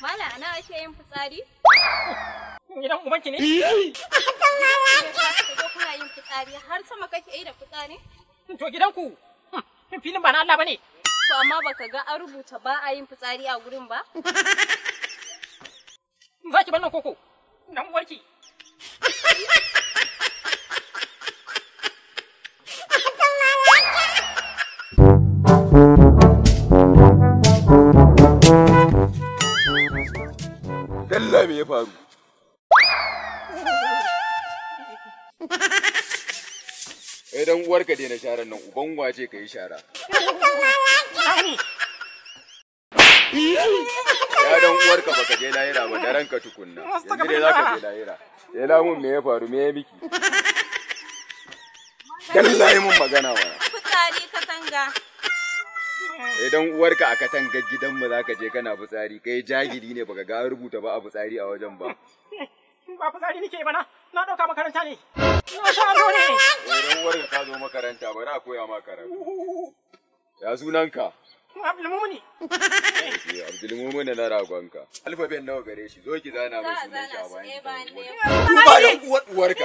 Mala ana ake yin fitsari? Gidan ubanki ne? Kuna yin fitsari har sama kake yi da fitsari? To gidan ku hmm, filin ba na Allah bane. To amma baka ga an rubuta ba a yin fitsari a gurin ba? Za ki bar koko. faru kai dan uwarka daina sharan nan uban wace ka yi shara ya dan uwarka baka je lahira ba daren ka tukunna yanzu dai zaka je lahira ya lamun me ya faru me ya biki? dan layi mun magana wa ka tanga. idan uwarka a katangar gidanmu za ka je kana fitsari kai jahili ne baka ga rubuta ba a fitsari a wajen ba ba fitsari nake ba na na dauka makaranta ne na sha ado ne idan uwarka ka zo makaranta ba na koya ma karatu ya sunanka Abdulmumuni. Eh, Abdulmumuni na alfa Alfaben nawa gare shi zo ki zana mai sunan shi a bayan. Ku ba uwar